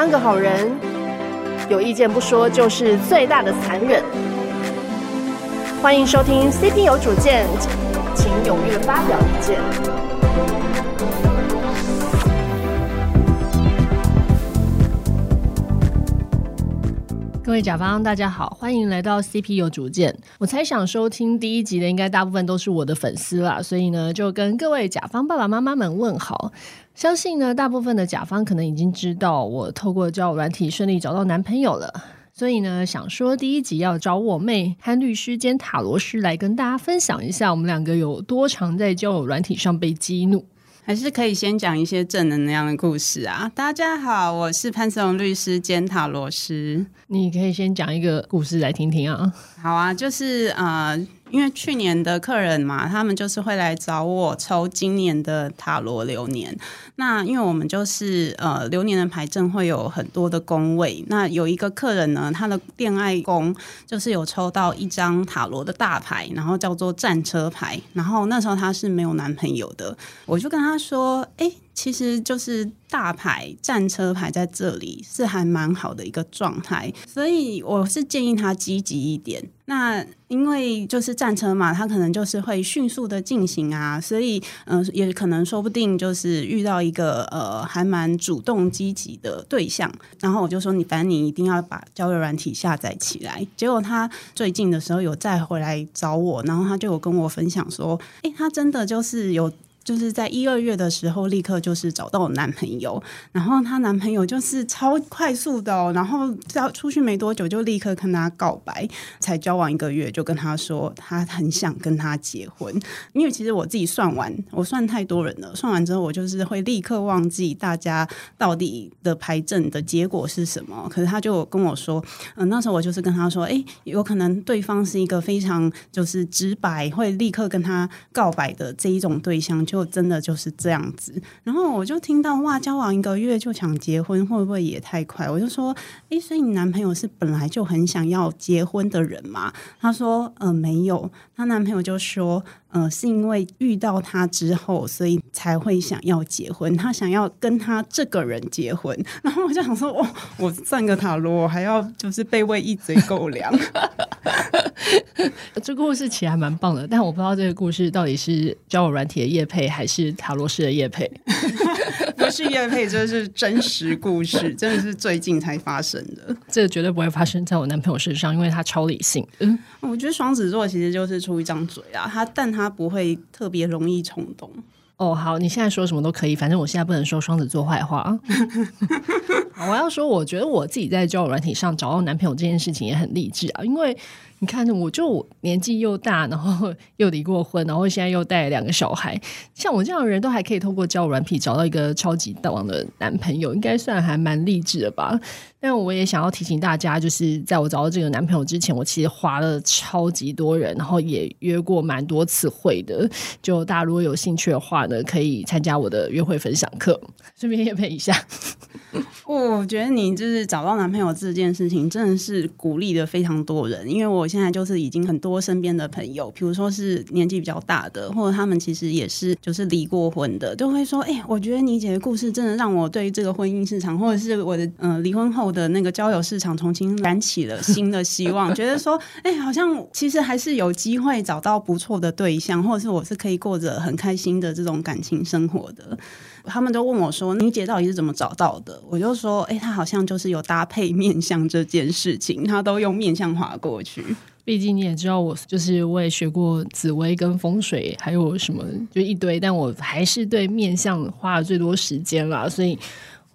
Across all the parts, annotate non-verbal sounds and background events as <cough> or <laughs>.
當個好人，有意見不說就是最大的殘忍。歡迎收聽 CP 有主見，請踴躍發表意見。各位甲方，大家好。歡迎來到 CP 有主見，我猜想收聽第一集的應該大部分都是我的粉絲啦，所以呢就跟各位甲方爸爸媽媽們問好。相信呢大部分的甲方可能已經知道我透過交友軟體順利找到男朋友了，所以呢想說第一集要找我妹潘律師兼塔羅師來跟大家分享一下我們兩個有多常在交友軟體上被激怒。還是可以先講一些正能量的故事啊！大家好，我是潘思龍律師兼塔羅師。你可以先講一個故事來聽聽啊！好啊，就是呃。因為去年的客人嘛，他們就是會來找我抽今年的塔羅流年。那因為我們就是呃，流年的牌陣會有很多的宮位。那有一個客人呢，他的戀愛宮就是有抽到一張塔羅的大牌，然後叫做戰車牌。然後那時候他是沒有男朋友的，我就跟他說：“哎、欸。”其實就是大牌戰車牌在這裡是還蠻好的一個狀態，所以我是建議他積極一點。那因為就是戰車嘛，他可能就是會迅速的進行啊，所以嗯、呃，也可能說不定就是遇到一個呃還蠻主動積極的對象。然後我就說，你反正你一定要把交友軟體下載起來。結果他最近的時候有再回來找我，然後他就有跟我分享說，哎，他真的就是有。就是在一二月的時候，立刻就是找到我男朋友，然後她男朋友就是超快速的、哦，然後交出去沒多久就立刻跟她告白，才交往一個月就跟她說她很想跟他結婚，因為其實我自己算完，我算太多人了，算完之後我就是會立刻忘記大家到底的牌陣的結果是什麼，可是她就跟我說，嗯，那時候我就是跟她說，哎、欸，有可能對方是一個非常就是直白，會立刻跟她告白的這一種對象就。真的就是這樣子，然後我就聽到哇，交往一個月就想結婚，會不會也太快？我就說，哎、欸，所以你男朋友是本來就很想要結婚的人嗎？他說，呃，沒有，他男朋友就說。嗯、呃，是因為遇到他之後，所以才會想要結婚。他想要跟他這個人結婚，然後我就想說，哦，我占個塔羅，我還要就是被餵一嘴狗糧。 <laughs> <laughs> 這故事其實還蠻棒的，但我不知道這個故事到底是交友軟體的業配，還是塔羅師的業配。 <laughs> <laughs> 不是業配，這、就是真實故事， <laughs> 真的是最近才發生的。這個絕對不會發生在我男朋友身上，因為他超理性。嗯，我覺得雙子座其實就是出一張嘴啊，他但他不會特別容易衝動。 <laughs> 哦，好，你現在說什麼都可以，反正我現在不能說雙子座壞話、啊。 <laughs> <laughs> 我要說，我覺得我自己在交友軟體上找到男朋友這件事情也很勵志啊！因為你看，我就年紀又大，然後又離過婚，然後現在又帶兩個小孩，像我這樣的人都還可以透過交友軟體找到一個超級大王的男朋友，應該算還蠻勵志的吧。但我也想要提醒大家，就是在我找到這個男朋友之前，我其實滑了超級多人，然後也約過蠻多次會的。就大家如果有興趣的話呢，可以參加我的約會分享課，順便也陪一下。我覺得你就是找到男朋友這件事情，真的是鼓勵了非常多人。因為我現在就是已經很多身邊的朋友，比如說是年紀比較大的，或者他們其實也是就是離過婚的，都會說：“哎、欸，我覺得你姐的故事真的讓我對這個婚姻市場，或者是我的嗯、呃、離婚後。”的那個交友市場重新燃起了新的希望， <laughs> 覺得說，哎、欸，好像其實還是有機會找到不錯的對象，或者是我是可以過着很開心的這種感情生活的。他們都問我說：“你姐到底是怎麼找到的？”我就說：“哎、欸，他好像就是有搭配面相這件事情，他都用面相滑過去。畢竟你也知道，我就是我也學過紫微跟風水，還有什麼就一堆，但我還是對面相花了最多時間啦，所以。”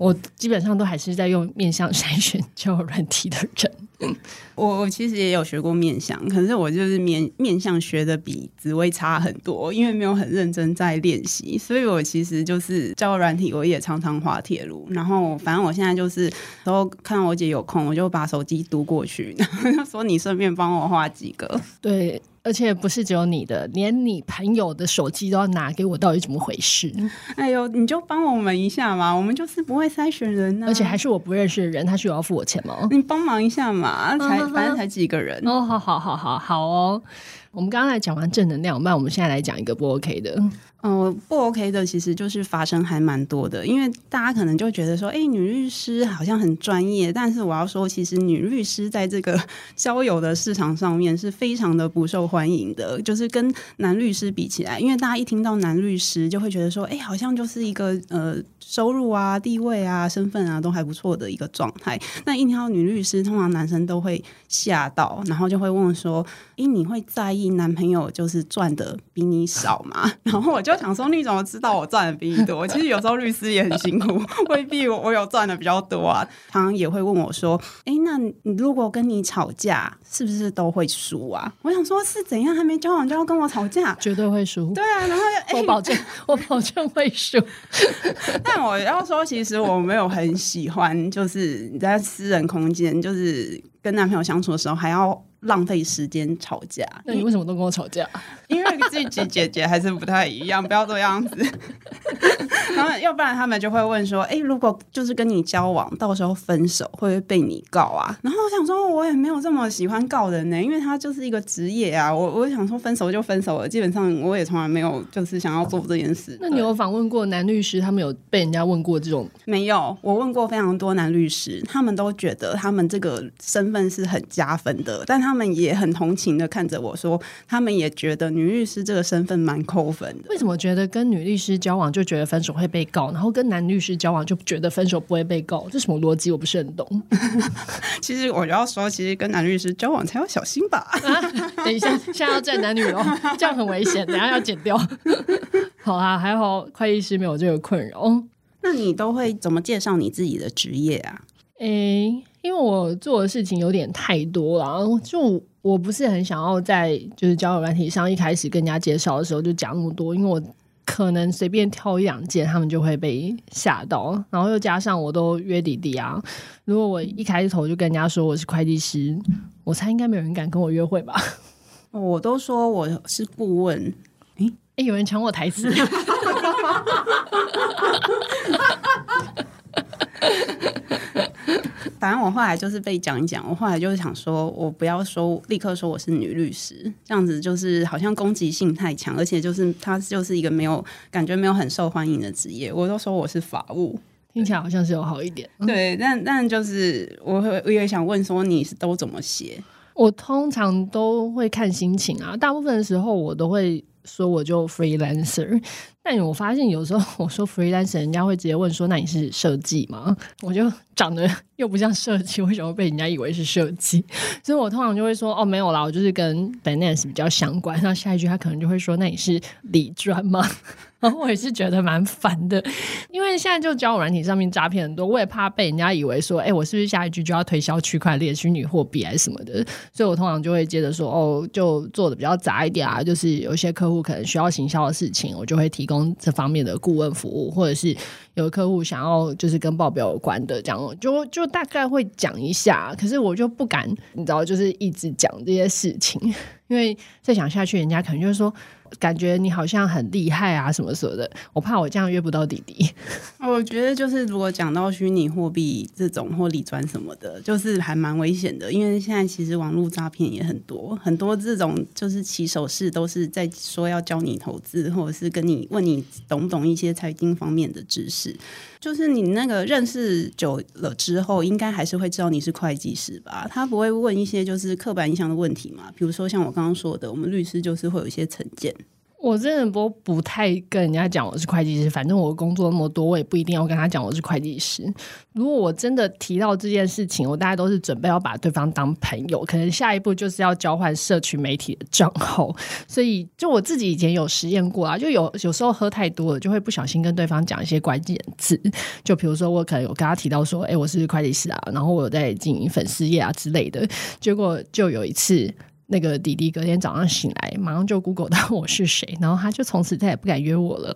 我基本上都還是在用面相篩選交友軟體的人。 <laughs> <laughs> 我我其實也有學過面相，可是我就是面面相學的比紫微差很多，因為沒有很認真在練習，所以我其實就是交軟體，我也常常畫塔羅。然後反正我現在就是，然後看到我姐有空，我就把手機丟過去，然後就說，你順便幫我畫幾個。對，而且不是只有你的，連你朋友的手機都要拿給我，到底怎麼回事？哎呦，你就幫我們一下嘛，我們就是不會篩選人呢，啊，而且還是我不認識的人，他是要付我錢嗎？你幫忙一下嘛， <music> 反正才幾個人哦。oh, 好好好好好哦。 <music> 我們剛剛來講完正能量，那我們現在來講一個不 OK 的。嗯、呃，不 OK 的其實就是發生還蠻多的，因為大家可能就覺得說，哎，女律師好像很專業，但是我要說，其實女律師在這個交友的市場上面是非常的不受歡迎的，就是跟男律師比起來，因為大家一聽到男律師就會覺得說，哎，好像就是一個呃收入啊、地位啊、身份啊都還不錯的一個狀態，那一聽到女律師，通常男生都會嚇到，然後就會問說，哎，你會在意男朋友就是賺得比你少嗎？然後我就。 <laughs> 我想說，你怎麼知道我賺的比你多？其實有時候律師也很辛苦，未必我有賺的比較多啊。他也會問我說：“哎、欸，那你如果跟你吵架，是不是都會輸啊？”我想說，是怎樣還沒交往就要跟我吵架，絕對會輸。對啊，然後、欸、我保證，我保證會輸。 <laughs> <laughs> 但我要說，其實我沒有很喜歡，就是在私人空間，就是跟男朋友相處的時候，還要。浪費時間吵架，那你為什麼都跟我吵架？因為自己姐姐還是不太一樣， <laughs> 不要這樣子。 <laughs> <laughs> 然後要不然他們就會問說：“哎、欸，如果就是跟你交往，到時候分手會不會被你告啊？”然後我想說，我也沒有這麼喜歡告人呢、欸，因為他就是一個職業啊。我我想說分手就分手了，基本上我也從來沒有就是想要做這件事。那你有訪問過男律師？他們有被人家問過這種沒有？我問過非常多男律師，他們都覺得他們這個身份是很加分的，但他們也很同情的看着我說，他們也覺得女律師這個身份蠻扣分的。為什麼覺得跟女律師交往就覺得分手？會被告，然後跟男律師交往就覺得分手不會被告，這什麼邏輯我不是很懂。 <laughs> 其實我要說，其實跟男律師交往才要小心吧。 <laughs> 啊、等一下，現在要戰男女了， <laughs> 這樣很危險。等下要剪掉。 <laughs> 好啊，還好會計師沒有這個困擾。那你都會怎麼介紹你自己的職業啊？欸，因為我做的事情有點太多了，就我不是很想要在就是交友軟體上一開始跟人家介紹的時候就講那麼多，因為我。可能隨便挑一兩件，他們就會被嚇到。然後又加上我都約弟弟啊，如果我一開頭就跟人家說我是會計師，我猜應該沒有人敢跟我約會吧？我都說我是顧問，誒誒、欸，有人搶我台詞。 <laughs> <laughs> 反正我後來就是被講一講，我後來就是想說，我不要說立刻說我是女律師，這樣子就是好像攻擊性太強，而且就是它就是一個沒有感覺，沒有很受歡迎的職業，我都說我是法務，聽起來好像是有好一點。對，對嗯、對但但就是我我也想問說，你是都怎麼寫？我通常都會看心情啊，大部分的時候我都會。說我就 freelancer，但我發現有時候我說 freelancer，人家會直接問說那你是設計嗎？我就長得又不像設計，為什麼被人家以為是設計？所以，我通常就會說哦，沒有啦，我就是跟 finance 比較相關。那下一句他可能就會說，那你是理專嗎？ <laughs> 我也是覺得蠻煩的，因為現在就交友軟體上面詐騙很多，我也怕被人家以為說，哎，我是不是下一句就要推銷區塊鏈、虛擬貨幣什麼的？所以我通常就會接着說，哦，就做的比較雜一點啊。就是有些客戶可能需要行銷的事情，我就會提供這方面的顧問服務；或者是有客戶想要就是跟報表有關的，這樣就就大概會講一下。可是我就不敢，你知道，就是一直講這些事情，因為再講下去，人家可能就是說感覺你好像很厲害啊，什麼什麼的，我怕我這樣約不到弟弟。我覺得就是，如果講到虛擬貨幣這種或理專什麼的，就是還蠻危險的，因為現在其實網絡詐騙也很多，很多這種就是起手式都是在說要教你投資，或者是跟你問你懂不懂一些財經方面的知識。就是你那個認識久了之後，應該還是會知道你是會計師吧？他不會問一些就是刻板印象的問題嘛？比如說像我剛剛說的，我們律師就是會有一些成見。我真的不不太跟人家講我是會計師，反正我工作那麼多，我也不一定要跟他講我是會計師。如果我真的提到這件事情，我大概都是準備要把對方當朋友，可能下一步就是要交換社群媒體的賬號。所以，就我自己以前有實驗過啊，就有有時候喝太多了，就會不小心跟對方講一些關鍵字，就比如說我可能有跟他提到說，誒、欸，我是會計師啊，然後我有在經營粉絲頁啊之類的，結果就有一次。那個弟弟隔天早上醒來，馬上就 Google 到我是誰，然後他就從此再也不敢約我了。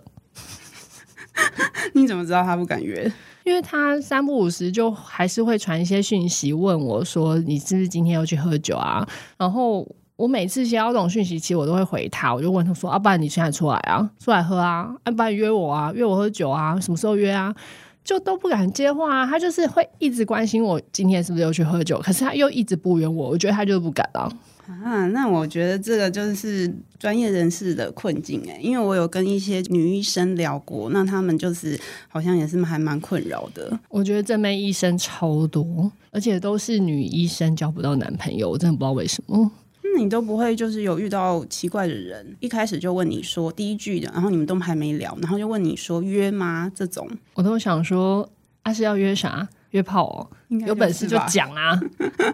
<laughs> 你怎麼知道他不敢約？因為他三不五時就還是會傳一些訊息問我，說你是不是今天要去喝酒啊？然後我每次接到這種訊息，其實我都會回他，我就問他說：啊不然你現在出來啊？出來喝啊？啊不然約我啊？約我喝酒啊？什麼時候約啊？就都不敢接話，啊。他就是會一直關心我今天是不是又去喝酒，可是他又一直不約我，我覺得他就不敢了。啊，那我覺得這個就是專業人士的困境哎、欸，因為我有跟一些女醫生聊過，那他們就是好像也是還蠻困擾的。我覺得這邊醫生超多，而且都是女醫生交不到男朋友，我真的不知道為什麼。那、嗯、你都不會就是有遇到奇怪的人，一開始就問你說第一句的，然後你們都還沒聊，然後就問你說約嗎？這種我都想說，他、啊、是要約啥？約炮哦，有本事就講啊，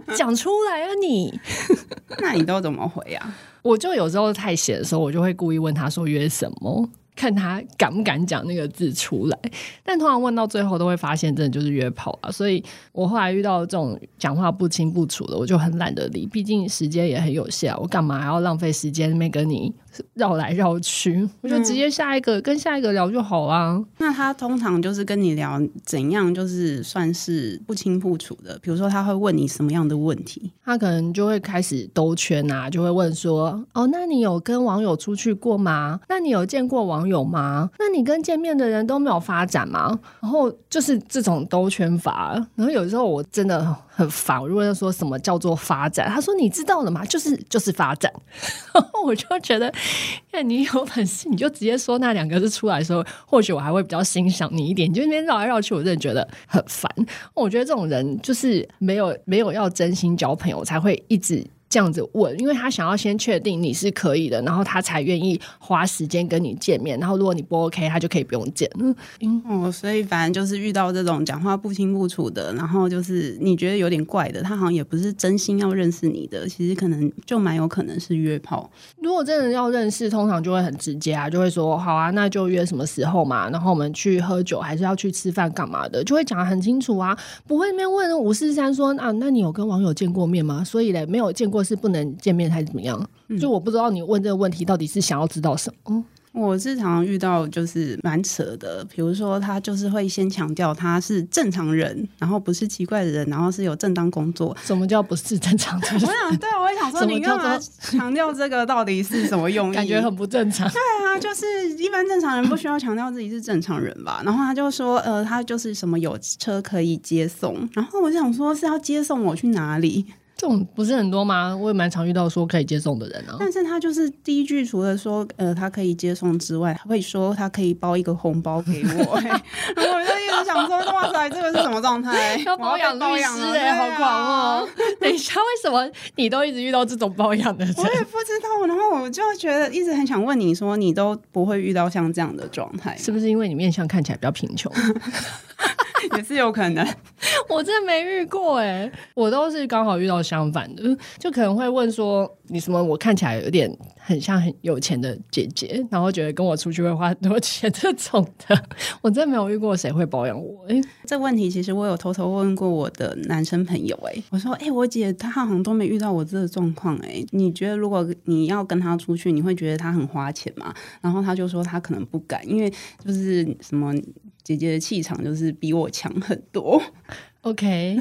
講 <laughs> 出來啊你。 <laughs> 那你都怎麼回啊？我就有時候太閒的時候，我就會故意問他說約什麼，看他敢不敢講那個字出來。但通常問到最後，都會發現真的就是約炮啊。所以我後來遇到這種講話不清不楚的，我就很懶得理，畢竟時間也很有限，我幹嘛還要浪費時間沒跟你？繞來繞去，我、嗯、就直接下一個跟下一個聊就好啊。那他通常就是跟你聊怎樣，就是算是不清不楚的。比如說，他會問你什麼樣的問題，他可能就會開始兜圈啊，就會問說：“哦，那你有跟網友出去過嗎？那你有見過網友嗎？那你跟見面的人都沒有發展嗎？”然後就是這種兜圈法。然後有時候我真的。很煩，如果要說什麼叫做發展？他說你知道了嗎？就是就是發展。 <laughs> 我就覺得，那你有本事你就直接說那兩個字出來的時候，說或許我還會比較欣賞你一點。你就那邊繞來繞去，我真的覺得很煩。我覺得這種人就是沒有沒有要真心交朋友，才會一直。這樣子問，因為他想要先確定你是可以的，然後他才願意花時間跟你見面。然後如果你不 OK，他就可以不用見。嗯，哦，所以反正就是遇到這種講話不清不楚的，然後就是你覺得有點怪的，他好像也不是真心要認識你的，其實可能就蠻有可能是約炮。如果真的要認識，通常就會很直接啊，就會說好啊，那就約什麼時候嘛，然後我們去喝酒還是要去吃飯幹嘛的，就會講得很清楚啊，不會那邊問五四三說啊，那你有跟網友見過面嗎？所以嘞，沒有見過。是不能見面還是怎麼樣、嗯？就我不知道你問這個問題到底是想要知道什麼。嗯、我日常遇到就是蠻扯的，比如說他就是會先強調他是正常人，然後不是奇怪的人，然後是有正當工作。什麼叫不是正常人？ <laughs> 我想對，我也想說，你干嘛強調這個到底是什麼用意？ <laughs> 感覺很不正常。 <laughs> 對啊，就是一般正常人不需要強調自己是正常人吧？然後他就說，呃，他就是什麼有車可以接送。然後我想說是要接送我去哪裡？這種不是很多嗎？我也蠻常遇到說可以接送的人啊。但是他就是第一句除了說呃他可以接送之外，他會說他可以包一個紅包給我、欸。 <laughs> 然後我就一直想說 <laughs> 哇塞，這個是什麼狀態？要養要包養律師哎、欸啊，好狂哦、喔！ <laughs> 等一下，為什麼你都一直遇到這種包養的事？我也不知道。然後我就覺得一直很想問你說，你都不會遇到像這樣的狀態，是不是因為你面相看起來比較貧窮？ <laughs> <laughs> 也是有可能， <laughs> 我真的沒遇過哎、欸，我都是剛好遇到相反的，就可能會問說你什麼，我看起來有點很像很有錢的姐姐，然後覺得跟我出去會花很多錢這種的，我真的沒有遇過誰會包養我。哎，這問題其實我有偷偷問過我的男生朋友哎、欸，我說哎、欸，我姐她好像都沒遇到我這個狀況哎，你覺得如果你要跟她出去，你會覺得她很花錢嗎？然後她就說她可能不敢，因為就是什麼。姐姐的氣場就是比我強很多。OK，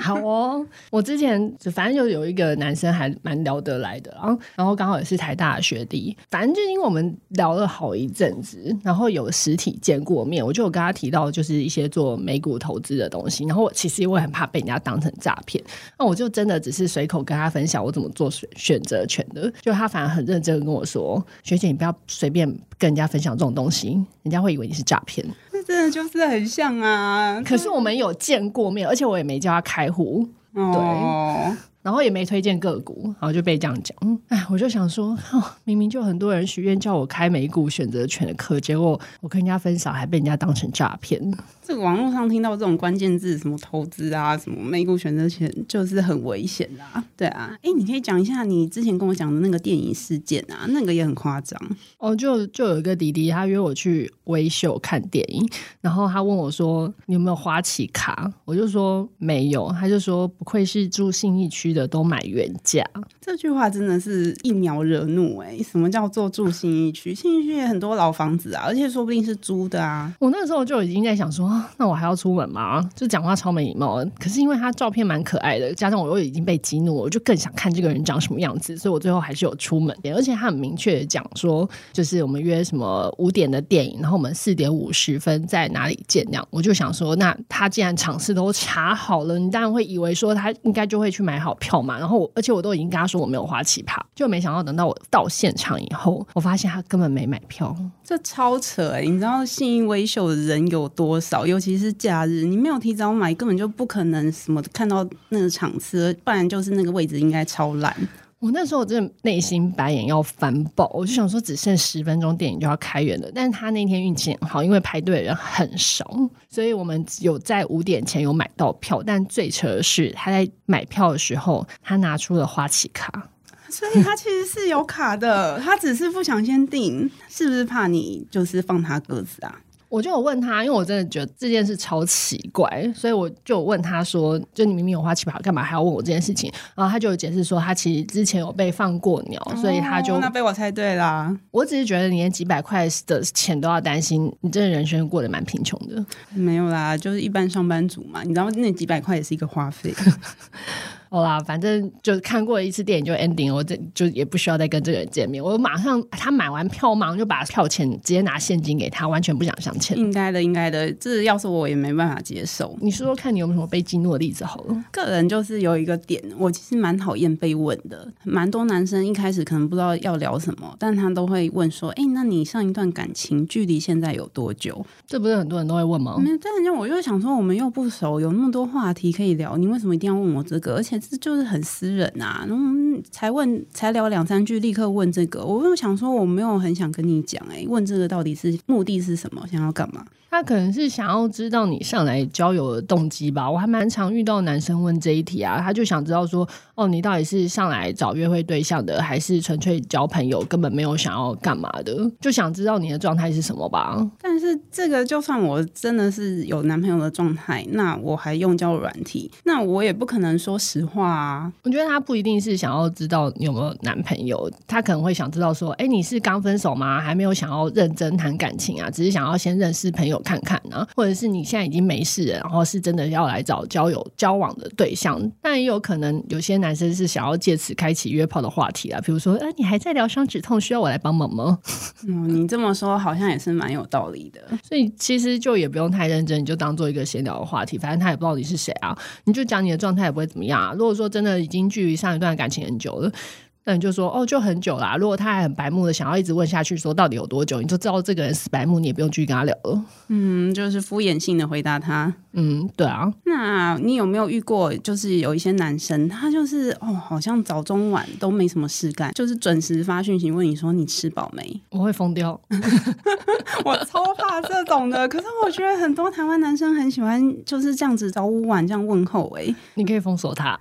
好哦。 <laughs> 我之前反正就有一個男生還蠻聊得來的，然後然後剛好也是台大的學弟，反正就因為我們聊了好一陣子，然後有實體見過面。我就有跟他提到就是一些做美股投資的東西，然後我其實也很怕被人家當成詐騙，那我就真的只是隨口跟他分享我怎麼做選擇權的，就他反而很認真跟我說：“學姐，你不要隨便跟人家分享這種東西，人家會以為你是詐騙。”那真的就是很像啊！可是我們有見過面。而且我也沒叫他開戶，對。哦然後也沒推薦個股，然後就被這樣講。嗯，哎，我就想說，哦，明明就很多人許願叫我開美股選擇權的課，結果我跟人家分享，還被人家當成詐騙。這個網絡上聽到這種關鍵字，什麼投資啊，什麼美股選擇權，就是很危險啦、啊、對啊，哎，你可以講一下你之前跟我講的那個電影事件啊，那個也很誇張。哦，就就有一個弟弟，他約我去威秀看電影，然後他問我說，你有沒有花旗卡？我就說沒有，他就說，不愧是住信義區的。的都買原價。啊，這句話真的是一秒惹怒哎、欸！什麼叫做住信義區？信義區也很多老房子啊，而且說不定是租的啊。我那時候就已經在想說，那我還要出門嗎？就講話超沒禮貌的。可是因為他照片蠻可愛的，加上我又已經被激怒了，我就更想看這個人長什麼樣子，所以我最後還是有出門的。而且他很明確的講說，就是我們約什麼五點的電影，然後我們四點五十分在哪裡見這樣，我就想說，那他既然場次都查好了，你當然會以為說他應該就會去買好票票嘛，然後而且我都已經跟他說我沒有花奇葩，就沒想到等到我到現場以後，我發現他根本沒買票，這超扯、欸！你知道信義威秀的人有多少？尤其是假日，你沒有提早買，根本就不可能什麼看到那個場次，不然就是那個位置應該超爛。我那時候真的內心白眼要翻爆，我就想說只剩十分鐘電影就要開演了，但是他那天運氣很好，因為排隊人很少，所以我們有在五點前有買到票。但最扯的是他在買票的時候，他拿出了花旗卡，所以他其實是有卡的， <laughs> 他只是不想先訂，是不是怕你就是放他鴿子啊？我就有問他，因為我真的覺得這件事超奇怪，所以我就問他說：“就你明明有花七百，幹嘛還要問我這件事情？”然後他就有解釋說，他其實之前有被放過鳥，嗯、所以他就那被我猜對了。我只是覺得你連幾百塊的錢都要擔心，你真的人生過得蠻貧窮的。沒有啦，就是一般上班族嘛，你知道那幾百塊也是一個花費。 <laughs> 好啦反正就看過一次電影就 ending 了，我就就也不需要再跟這個人見面。我馬上他買完票，馬上就把票錢直接拿現金給他，完全不想相欠。應該的，應該的。這是要是我也沒辦法接受。你說說看你有沒有什麼被激怒的例子好了。嗯、個人就是有一個點，我其實蠻討厭被問的。蠻多男生一開始可能不知道要聊什麼，但他都會問說：“哎、欸，那你上一段感情距離現在有多久？”這不是很多人都會問嗎？嗯、但是就我又想說，我們又不熟，有那麼多話題可以聊，你為什麼一定要問我這個？而且。這就是很私人吶、啊，嗯，才問才聊兩三句，立刻問這個，我又想說我沒有很想跟你講、欸，哎，問這個到底是目的是什麼，想要幹嘛？他可能是想要知道你上來交友的動機吧，我還蠻常遇到男生問這一題啊，他就想知道說，哦，你到底是上來找約會對象的，還是純粹交朋友，根本沒有想要幹嘛的，就想知道你的狀態是什麼吧。但是這個就算我真的是有男朋友的狀態，那我還用交軟體，那我也不可能說實話啊。我覺得他不一定是想要知道你有沒有男朋友，他可能會想知道說，哎、欸，你是剛分手嗎？還沒有想要認真談感情啊，只是想要先認識朋友。看看呢、啊，或者是你現在已經沒事了，然後是真的要來找交友交往的對象，但也有可能有些男生是想要借此開啟約炮的話題啊，比如說，哎、呃，你還在療傷止痛，需要我來幫忙嗎？嗯，你這麼說好像也是蠻有道理的， <laughs> 所以其實就也不用太認真，你就當做一個閒聊的話題，反正他也不知道你是誰啊，你就講你的狀態也不會怎麼樣啊。如果說真的已經距離上一段感情很久了。那你就說哦，就很久啦、啊。如果他還很白目的想要一直問下去，說到底有多久，你就知道這個人是白目，你也不用繼續跟他聊了。嗯，就是敷衍性的回答他。嗯，對啊。那你有沒有遇過，就是有一些男生，他就是哦，好像早中晚都沒什麼事幹，就是準時發訊息問你說你吃飽沒？我會瘋掉， <laughs> 我超怕這種的。 <laughs> 可是我覺得很多台灣男生很喜歡就是這樣子早午晚這樣問候欸。誒，你可以封鎖他。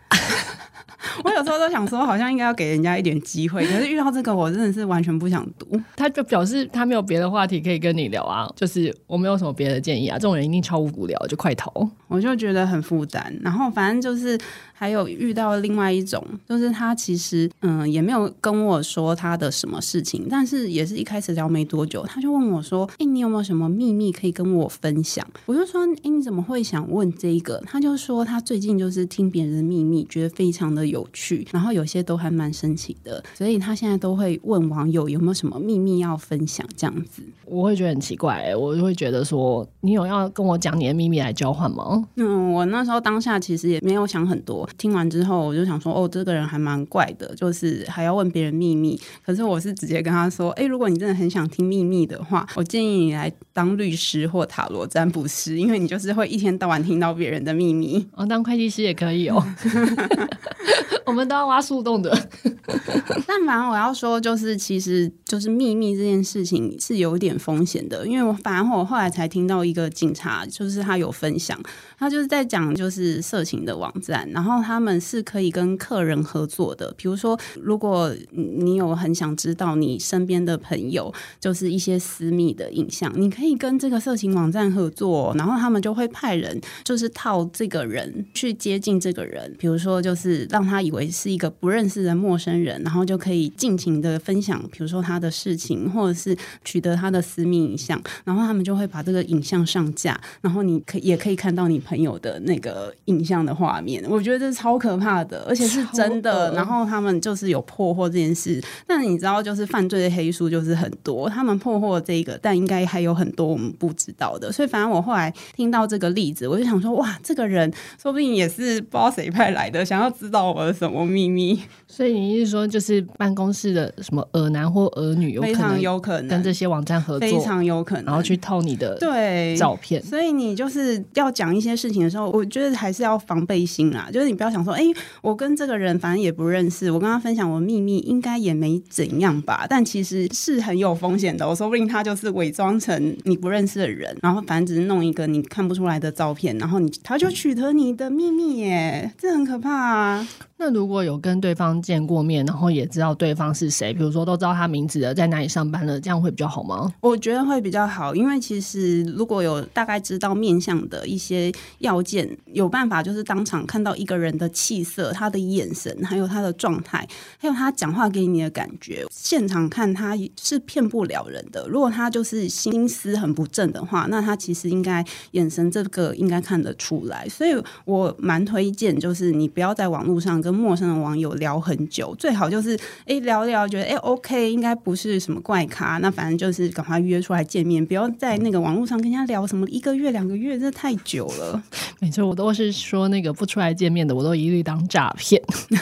<laughs> 我有時候都想說，好像應該要給人家一點機會，可是遇到這個，我真的是完全不想讀。他就表示他沒有別的話題可以跟你聊啊，就是我沒有什麼別的建議啊，這種人一定超無聊，就快逃。 <laughs> 我就覺得很負擔，然後反正就是。還有遇到另外一種，就是他其實嗯也沒有跟我說他的什麼事情，但是也是一開始聊沒多久，他就問我說：“哎、欸，你有沒有什麼秘密可以跟我分享？”我就說：“哎、欸，你怎麼會想問這個？”他就說：“他最近就是聽別人的秘密，覺得非常的有趣，然後有些都還蠻神奇的，所以他現在都會問網友有沒有什麼秘密要分享，這樣子。”我會覺得很奇怪、欸，我就會覺得說：“你有要跟我講你的秘密來交換嗎？”嗯，我那時候當下其實也沒有想很多。聽完之後，我就想說，哦，這個人還蠻怪的，就是還要問別人秘密。可是我是直接跟他說，誒，如果你真的很想聽秘密的話，我建議你來當律師或塔羅占卜師，因為你就是會一天到晚聽到別人的秘密。我、哦、當會計師也可以哦， <laughs> <laughs> <laughs> <laughs> 我們都要挖樹洞的。但 <laughs> 反而我要說，就是其實就是秘密這件事情是有點風險的，因為我反而我後來才聽到一個警察，就是他有分享。他就是在講就是色情的網站，然後他們是可以跟客人合作的。比如說，如果你有很想知道你身邊的朋友就是一些私密的影像，你可以跟這個色情網站合作，然後他們就會派人就是套這個人去接近這個人，比如說就是讓他以為是一個不認識的陌生人，然後就可以盡情的分享，比如說他的事情或者是取得他的私密影像，然後他們就會把這個影像上架，然後你可也可以看到你。朋友的那個影像的畫面，我覺得這超可怕的，而且是真的。然後他們就是有破獲這件事，那你知道，就是犯罪的黑數就是很多。他們破獲這個，但應該還有很多我們不知道的。所以，反正我後來聽到這個例子，我就想說，哇，這個人說不定也是不知道誰派來的，想要知道我的什麼秘密。所以，你是說，就是辦公室的什麼兒男或兒女，有可能，有可能跟這些網站合作，非常有可能，可能然後去偷你的對照片。所以，你就是要講一些。事情的時候，我覺得還是要防備心啦。就是你不要想說，哎、欸，我跟這個人反正也不認識，我跟他分享我秘密應該也沒怎樣吧？但其實是很有風險的、哦。我說不定他就是偽裝成你不認識的人，然後反正只是弄一個你看不出來的照片，然後你他就取得你的秘密耶、欸，這很可怕啊！那如果有跟對方見過面，然後也知道對方是誰，比如說都知道他名字了，在哪裡上班了，這樣會比較好嗎？我覺得會比較好，因為其實如果有大概知道面相的一些要件，有辦法就是當場看到一個人的氣色、他的眼神，還有他的狀態，還有他講話給你的感覺，現場看他是騙不了人的。如果他就是心思很不正的話，那他其實應該眼神這個應該看得出來。所以我蠻推薦，就是你不要在網絡上。跟陌生的網友聊很久，最好就是誒、欸、聊聊，覺得誒、欸、OK，應該不是什麼怪咖，那反正就是趕快約出來見面，不要在那個網絡上跟人家聊什麼一個月兩個月，這太久了。沒錯，我都是說那個不出來見面的，我都一律當詐騙。 <laughs>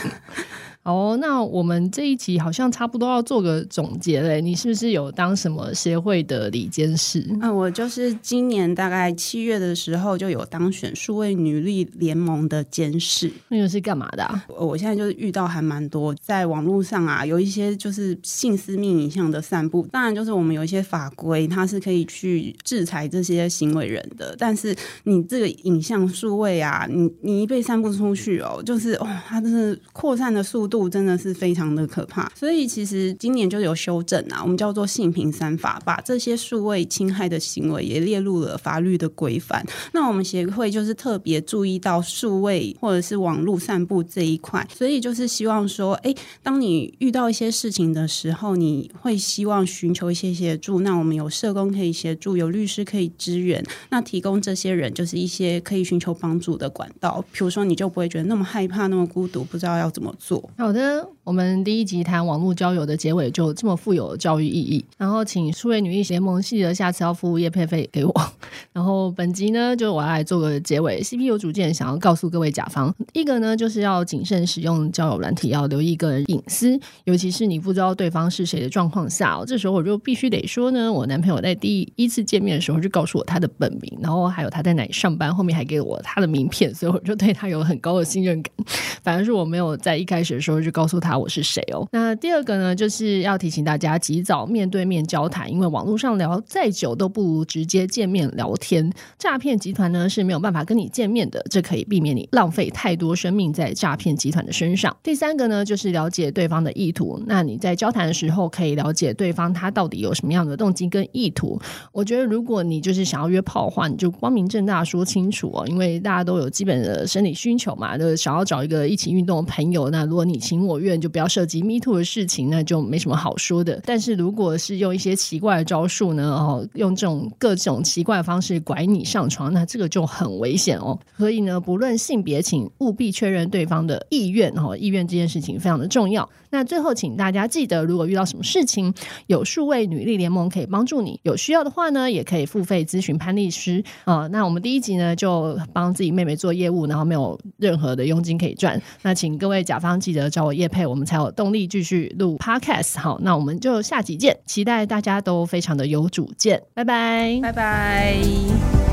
哦、oh，那我們這一集好像差不多要做個總結嘞。你是不是有當什麼協會的理監事？啊、嗯，我就是今年大概七月的時候就有當選數位女力聯盟的監事。那個是幹嘛的？啊，我我現在就是遇到還蠻多，在網絡上啊，有一些就是性私密影像的散布。當然，就是我們有一些法規，它是可以去制裁這些行為人的。但是你這個影像數位啊，你你一被散布出去哦，就是哦，它就是擴散的速度。度真的是非常的可怕，所以其實今年就有修正啊，我們叫做《性平三法》，把這些數位侵害的行為也列入了法律的規範。那我們協會就是特別注意到數位或者是網絡散布這一塊，所以就是希望說，誒，當你遇到一些事情的時候，你會希望尋求一些協助。那我們有社工可以協助，有律師可以支援，那提供這些人就是一些可以尋求幫助的管道。比如說，你就不會覺得那麼害怕，那麼孤獨，不知道要怎麼做。好的。我們第一集談網絡交友的結尾就這麼富有教育意義。然後，請數位女藝聯盟系的下次要付業配費給我。然後本集呢，就我要來做個結尾。CP 有主見想要告訴各位甲方，一個呢就是要謹慎使用交友軟體，要留意個人隱私，尤其是你不知道對方是誰的狀況下哦。這時候我就必須得說呢，我男朋友在第一次見面的時候就告訴我他的本名，然後還有他在哪裡上班，後面還給我他的名片，所以我就對他有很高的信任感。反而是我沒有在一開始的時候就告訴他，我是誰哦？那第二個呢，就是要提醒大家及早面對面交談，因為網絡上聊再久都不如直接見面聊天。詐騙集團呢是沒有辦法跟你見面的，這可以避免你浪費太多生命在詐騙集團的身上。第三個呢，就是了解對方的意圖。那你在交談的時候，可以了解對方他到底有什麼樣的動機跟意圖。我覺得如果你就是想要約炮的話，你就光明正大說清楚哦，因為大家都有基本的生理需求嘛，就是想要找一個一起運動的朋友。那如果你情我願。就不要涉及 Me Too 的事情，那就沒什麼好說的。但是如果是用一些奇怪的招數呢，哦，用這種各種奇怪的方式拐你上床，那這個就很危險哦。所以呢，不論性別，請務必確認對方的意願。哦，意願這件事情非常的重要。那最後，請大家記得，如果遇到什麼事情，有數位女力聯盟可以幫助你。有需要的話呢，也可以付費諮詢潘律師啊。那我們第一集呢，就幫自己妹妹做業務，然後沒有任何的佣金可以賺。那請各位甲方記得找我業配。我們才有動力繼續錄 Podcast。好，那我們就下集見。期待大家都非常的有主見。拜拜，拜拜。